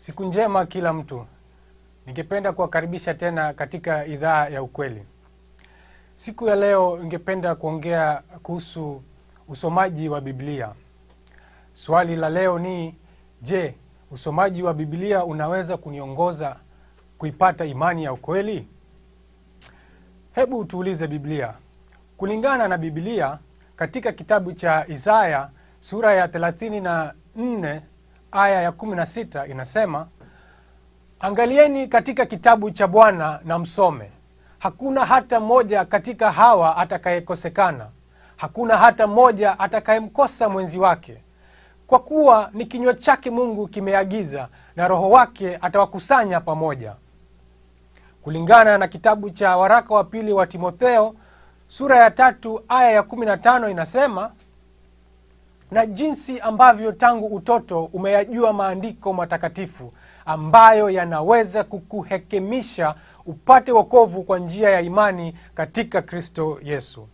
Siku njema kila mtu. Ningependa kuwakaribisha tena katika idhaa ya ukweli. Siku ya leo ningependa kuongea kuhusu usomaji wa Biblia. Swali la leo ni je, usomaji wa Biblia unaweza kuniongoza kuipata imani ya ukweli? Hebu tuulize Biblia. Kulingana na Biblia, katika kitabu cha Isaya sura ya 34 aya ya 16 inasema, angalieni katika kitabu cha Bwana na msome, hakuna hata mmoja katika hawa atakayekosekana, hakuna hata mmoja atakayemkosa mwenzi wake, kwa kuwa ni kinywa chake Mungu kimeagiza, na Roho wake atawakusanya pamoja. Kulingana na kitabu cha waraka wa pili wa Timotheo sura ya tatu aya ya 15 inasema na jinsi ambavyo tangu utoto umeyajua maandiko matakatifu ambayo yanaweza kukuhekemisha upate wokovu kwa njia ya imani katika Kristo Yesu.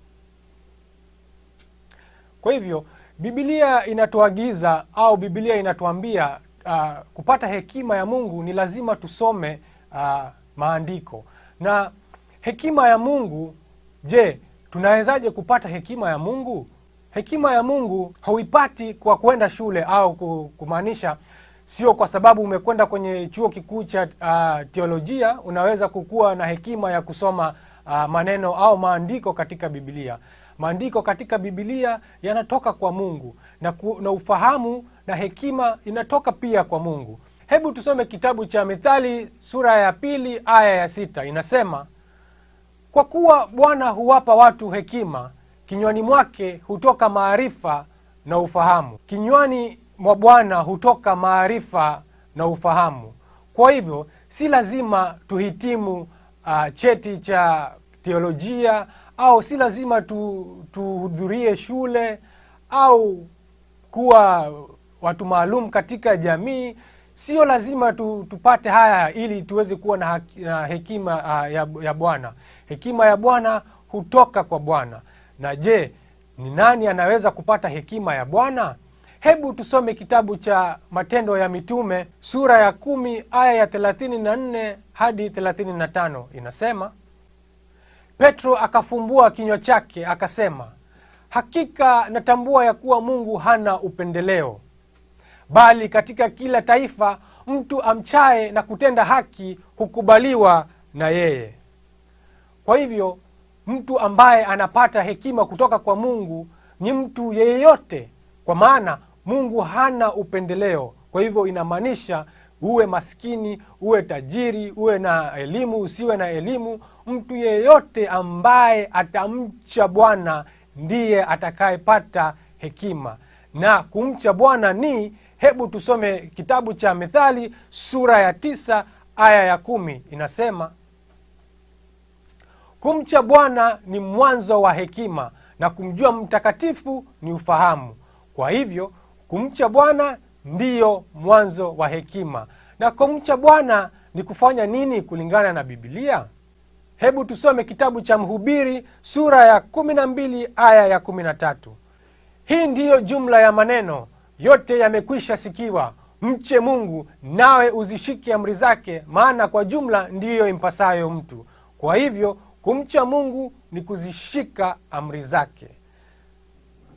Kwa hivyo bibilia inatuagiza au bibilia inatuambia uh, kupata hekima ya Mungu ni lazima tusome uh, maandiko. Na hekima ya Mungu, je, tunawezaje kupata hekima ya Mungu? hekima ya Mungu hauipati kwa kwenda shule au kumaanisha sio kwa sababu umekwenda kwenye chuo kikuu cha uh, teolojia unaweza kukuwa na hekima ya kusoma uh, maneno au maandiko katika bibilia Maandiko katika bibilia yanatoka kwa Mungu na, ku, na ufahamu na hekima inatoka pia kwa Mungu. Hebu tusome kitabu cha Mithali sura ya pili aya ya sita inasema, kwa kuwa Bwana huwapa watu hekima kinywani mwake hutoka maarifa na ufahamu. Kinywani mwa Bwana hutoka maarifa na ufahamu. Kwa hivyo si lazima tuhitimu uh, cheti cha teolojia au si lazima tu, tuhudhurie shule au kuwa watu maalum katika jamii. Sio lazima tu, tupate haya ili tuweze kuwa na hekima uh, ya, ya Bwana. Hekima ya Bwana hutoka kwa Bwana. Na je, ni nani anaweza kupata hekima ya Bwana? Hebu tusome kitabu cha Matendo ya Mitume sura ya kumi aya ya nne hadi tano Inasema, Petro akafumbua kinywa chake akasema, hakika natambua ya kuwa Mungu hana upendeleo, bali katika kila taifa mtu amchaye na kutenda haki hukubaliwa na yeye. Kwa hivyo mtu ambaye anapata hekima kutoka kwa Mungu ni mtu yeyote, kwa maana Mungu hana upendeleo. Kwa hivyo inamaanisha uwe maskini, uwe tajiri, uwe na elimu, usiwe na elimu, mtu yeyote ambaye atamcha Bwana ndiye atakayepata hekima. Na kumcha Bwana ni hebu tusome kitabu cha Methali sura ya tisa aya ya kumi inasema Kumcha Bwana ni mwanzo wa hekima na kumjua mtakatifu ni ufahamu. Kwa hivyo kumcha Bwana ndiyo mwanzo wa hekima. Na kumcha Bwana ni kufanya nini kulingana na bibilia Hebu tusome kitabu cha Mhubiri sura ya 12 aya ya 13. Hii ndiyo jumla ya maneno yote yamekwisha sikiwa, mche Mungu nawe uzishike amri zake, maana kwa jumla ndiyo impasayo mtu. Kwa hivyo Kumcha Mungu ni kuzishika amri zake.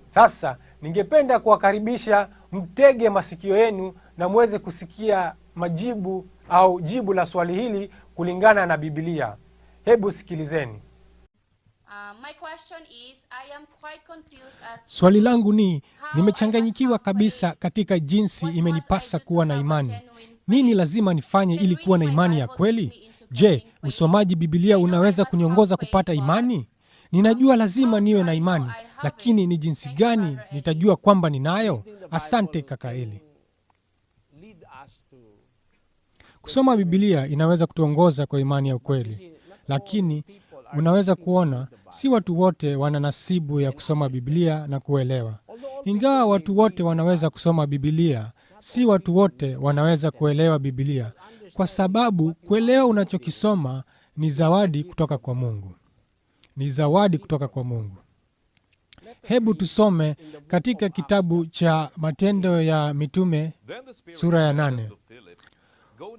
Sasa ningependa kuwakaribisha mtege masikio yenu na mweze kusikia majibu au jibu la swali hili kulingana na bibilia Hebu sikilizeni. Uh, is, as... Swali langu ni nimechanganyikiwa kabisa katika jinsi imenipasa kuwa na imani. Nini lazima nifanye ili kuwa na imani ya kweli? Je, usomaji bibilia unaweza kuniongoza kupata imani? Ninajua lazima niwe na imani, lakini ni jinsi gani nitajua kwamba ninayo? Asante kaka Eli. Kusoma bibilia inaweza kutuongoza kwa imani ya ukweli, lakini unaweza kuona si watu wote wana nasibu ya kusoma bibilia na kuelewa. Ingawa watu wote wanaweza kusoma bibilia si watu wote wanaweza kuelewa bibilia kwa sababu kuelewa unachokisoma ni zawadi kutoka kwa Mungu, ni zawadi kutoka kwa Mungu. Hebu tusome katika kitabu cha Matendo ya Mitume sura ya nane.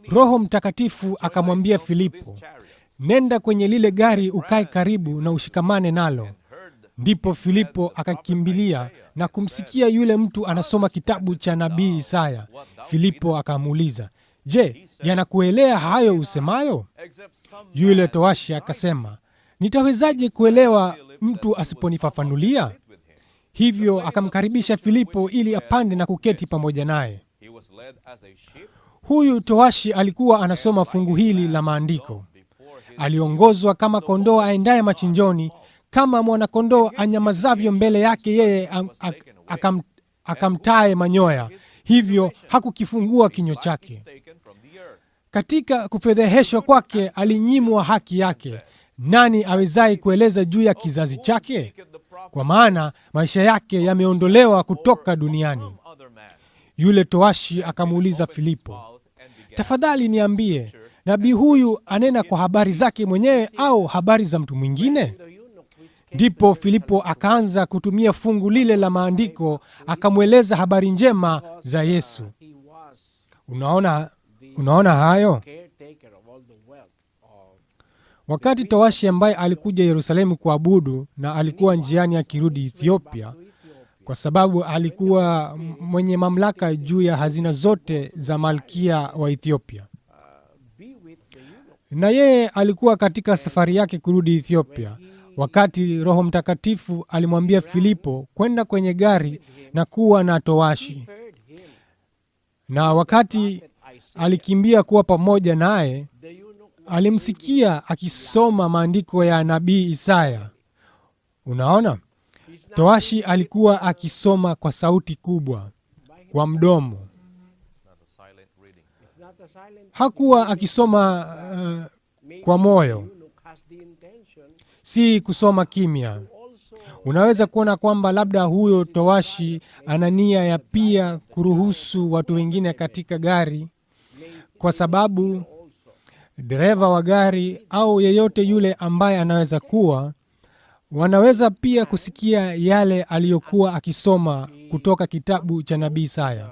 Roho Mtakatifu akamwambia Filipo, nenda kwenye lile gari ukae karibu na ushikamane nalo. Ndipo Filipo akakimbilia na kumsikia yule mtu anasoma kitabu cha nabii Isaya. Filipo akamuuliza, Je, yanakuelea hayo usemayo? Yule toashi akasema, nitawezaje kuelewa mtu asiponifafanulia? Hivyo akamkaribisha Filipo ili apande na kuketi pamoja naye. Huyu toashi alikuwa anasoma fungu hili la maandiko. Aliongozwa kama kondoo aendaye machinjoni, kama mwanakondoo anyamazavyo mbele yake yeye akamtaye manyoya, hivyo hakukifungua kinywa chake. Katika kufedheheshwa kwake alinyimwa haki yake. Nani awezaye kueleza juu ya kizazi chake? Kwa maana maisha yake yameondolewa kutoka duniani. Yule toashi akamuuliza Filipo, tafadhali niambie, nabii huyu anena kwa habari zake mwenyewe au habari za mtu mwingine? Ndipo Filipo akaanza kutumia fungu lile la maandiko, akamweleza habari njema za Yesu. Unaona Unaona hayo? Wakati Towashi ambaye alikuja Yerusalemu kuabudu na alikuwa njiani akirudi Ethiopia, kwa sababu alikuwa mwenye mamlaka juu ya hazina zote za malkia wa Ethiopia, na yeye alikuwa katika safari yake kurudi Ethiopia wakati Roho Mtakatifu alimwambia Filipo kwenda kwenye gari na kuwa na towashi. Na wakati alikimbia kuwa pamoja naye, alimsikia akisoma maandiko ya nabii Isaya. Unaona, toashi alikuwa akisoma kwa sauti kubwa kwa mdomo, hakuwa akisoma uh, kwa moyo, si kusoma kimya. Unaweza kuona kwamba labda huyo toashi ana nia ya pia kuruhusu watu wengine katika gari kwa sababu dereva wa gari au yeyote yule ambaye anaweza kuwa wanaweza pia kusikia yale aliyokuwa akisoma kutoka kitabu cha nabii Isaya.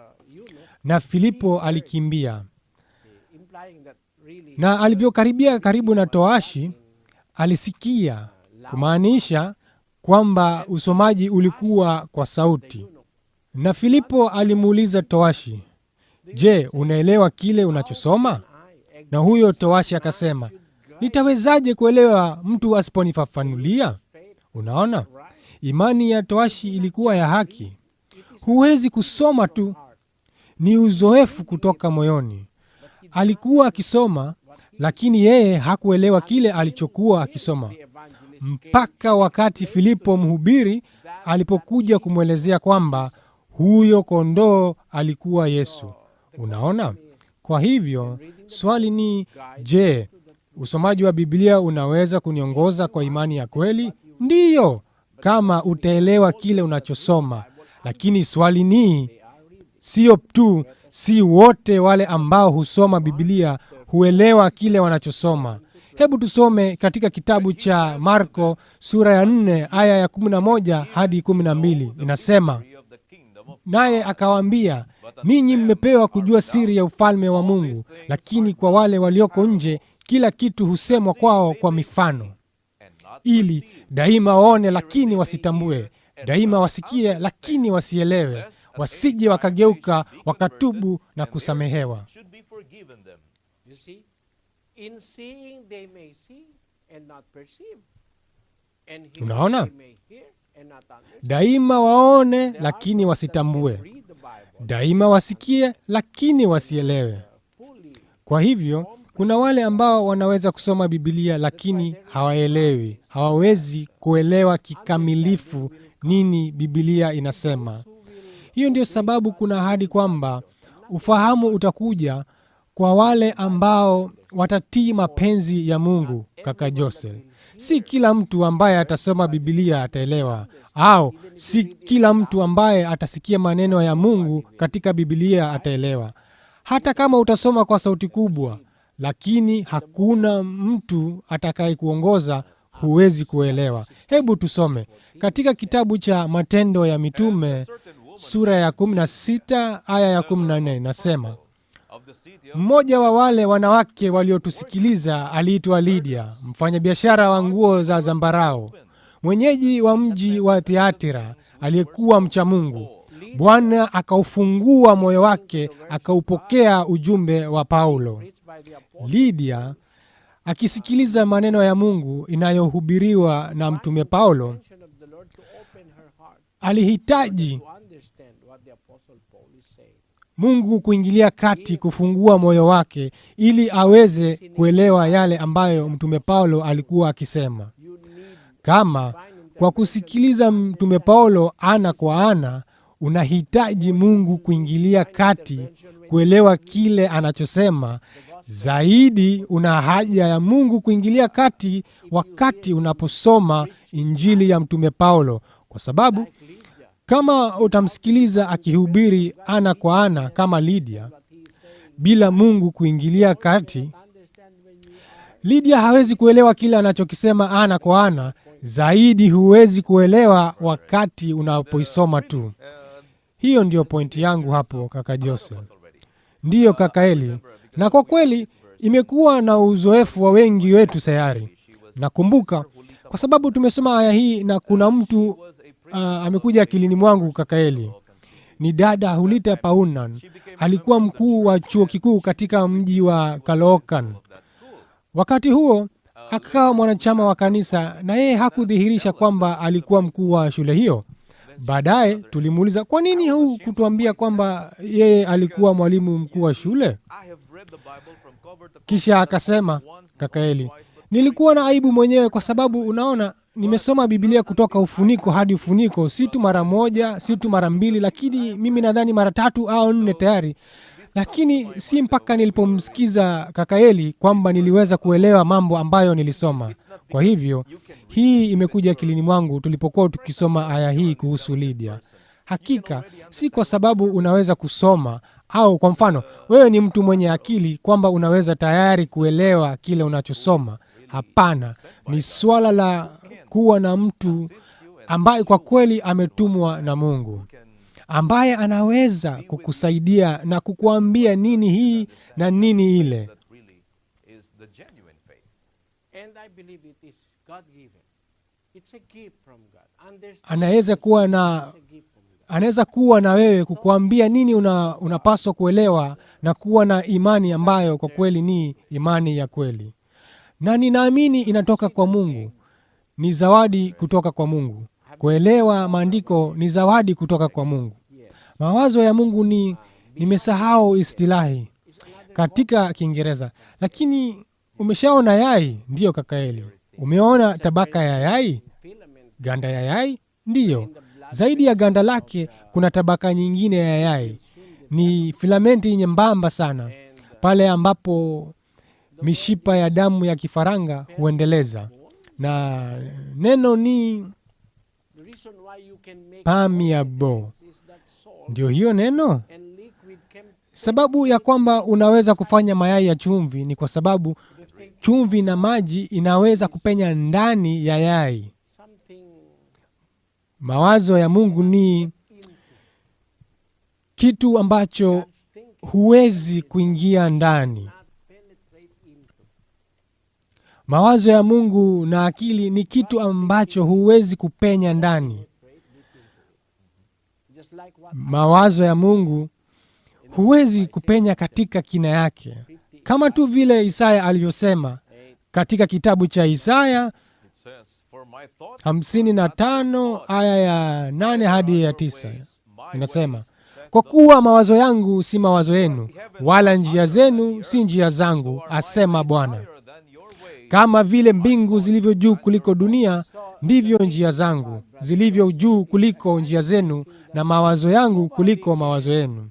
Na Filipo alikimbia, na alivyokaribia karibu na toashi alisikia, kumaanisha kwamba usomaji ulikuwa kwa sauti. Na Filipo alimuuliza toashi, Je, unaelewa kile unachosoma? Na huyo towashi akasema, nitawezaje kuelewa mtu asiponifafanulia? Unaona, imani ya toashi ilikuwa ya haki. Huwezi kusoma tu, ni uzoefu kutoka moyoni. Alikuwa akisoma, lakini yeye hakuelewa kile alichokuwa akisoma mpaka wakati Filipo mhubiri alipokuja kumwelezea kwamba huyo kondoo alikuwa Yesu. Unaona? Kwa hivyo swali ni je, usomaji wa Biblia unaweza kuniongoza kwa imani ya kweli? Ndiyo, kama utaelewa kile unachosoma. Lakini swali ni sio tu, si wote wale ambao husoma Biblia huelewa kile wanachosoma. Hebu tusome katika kitabu cha Marko sura ya 4 aya ya 11 hadi 12. Inasema naye akawaambia, ninyi mmepewa kujua siri ya ufalme wa Mungu, lakini kwa wale walioko nje kila kitu husemwa kwao kwa mifano, ili daima waone lakini wasitambue, daima wasikie lakini wasielewe, wasije wakageuka wakatubu na kusamehewa. Unaona, Daima waone lakini wasitambue, daima wasikie lakini wasielewe. Kwa hivyo kuna wale ambao wanaweza kusoma bibilia lakini hawaelewi, hawawezi kuelewa kikamilifu nini bibilia inasema. Hiyo ndio sababu kuna ahadi kwamba ufahamu utakuja kwa wale ambao watatii mapenzi ya Mungu, kaka Jose. Si kila mtu ambaye atasoma Biblia ataelewa, au si kila mtu ambaye atasikia maneno ya Mungu katika bibilia ataelewa, hata kama utasoma kwa sauti kubwa. Lakini hakuna mtu atakayekuongoza, huwezi kuelewa. Hebu tusome katika kitabu cha Matendo ya Mitume sura ya 16 aya ya 14, inasema mmoja wa wale wanawake waliotusikiliza aliitwa lidia mfanyabiashara wa nguo za zambarao, mwenyeji wa mji wa Thiatira, aliyekuwa mcha Mungu. Bwana akaufungua moyo wake, akaupokea ujumbe wa Paulo. lidia akisikiliza maneno ya Mungu inayohubiriwa na mtume Paulo, alihitaji Mungu kuingilia kati, kufungua moyo wake ili aweze kuelewa yale ambayo mtume Paulo alikuwa akisema. Kama kwa kusikiliza mtume Paulo ana kwa ana, unahitaji Mungu kuingilia kati, kuelewa kile anachosema. Zaidi una haja ya Mungu kuingilia kati wakati unaposoma Injili ya mtume Paulo, kwa sababu kama utamsikiliza akihubiri ana kwa ana kama lidia bila Mungu kuingilia kati, lidia hawezi kuelewa kile anachokisema ana kwa ana. Zaidi huwezi kuelewa wakati unapoisoma tu. Hiyo ndiyo pointi yangu hapo, kaka Jose. Ndiyo kaka Eli, na kwa kweli imekuwa na uzoefu wa wengi wetu sayari. Nakumbuka kwa sababu tumesoma aya hii, na kuna mtu uh, amekuja akilini mwangu Kakaeli ni dada Hulita Paunan. Alikuwa mkuu wa chuo kikuu katika mji wa kalookan Wakati huo akawa mwanachama wa kanisa, na yeye hakudhihirisha kwamba alikuwa mkuu wa shule hiyo. Baadaye tulimuuliza kwa nini huu kutuambia kwamba yeye alikuwa mwalimu mkuu wa shule. Kisha akasema, Kakaeli, nilikuwa na aibu mwenyewe kwa sababu unaona nimesoma Biblia kutoka ufuniko hadi ufuniko, si tu mara moja, si tu mara mbili, lakini mimi nadhani mara tatu au nne tayari, lakini si mpaka nilipomsikiza Kakaeli kwamba niliweza kuelewa mambo ambayo nilisoma. Kwa hivyo hii imekuja akilini mwangu tulipokuwa tukisoma aya hii kuhusu Lydia. Hakika si kwa sababu unaweza kusoma au kwa mfano wewe ni mtu mwenye akili kwamba unaweza tayari kuelewa kile unachosoma Hapana, ni swala la kuwa na mtu ambaye kwa kweli ametumwa na Mungu, ambaye anaweza kukusaidia na kukuambia nini hii na nini ile. Anaweza kuwa na anaweza kuwa na wewe kukuambia nini una, unapaswa kuelewa na kuwa na imani ambayo kwa kweli ni imani ya kweli na ninaamini inatoka kwa Mungu, ni zawadi kutoka kwa Mungu. Kuelewa maandiko ni zawadi kutoka kwa Mungu. Mawazo ya Mungu ni, nimesahau istilahi katika Kiingereza, lakini umeshaona yai? Ndiyo kakaeli, umeona tabaka ya yai, ganda ya yai? Ndiyo, zaidi ya ganda lake kuna tabaka nyingine ya yai, ni filamenti nyembamba sana pale ambapo mishipa ya damu ya kifaranga huendeleza, na neno ni pamiabo Ndio hiyo neno. Sababu ya kwamba unaweza kufanya mayai ya chumvi ni kwa sababu chumvi na maji inaweza kupenya ndani ya yai. Mawazo ya Mungu ni kitu ambacho huwezi kuingia ndani Mawazo ya Mungu na akili ni kitu ambacho huwezi kupenya ndani. Mawazo ya Mungu huwezi kupenya katika kina yake, kama tu vile Isaya alivyosema katika kitabu cha Isaya hamsini na tano aya ya nane hadi ya tisa inasema, kwa kuwa mawazo yangu si mawazo yenu, wala njia zenu si njia zangu, asema Bwana. Kama vile mbingu zilivyo juu kuliko dunia, ndivyo njia zangu zilivyo juu kuliko njia zenu, na mawazo yangu kuliko mawazo yenu.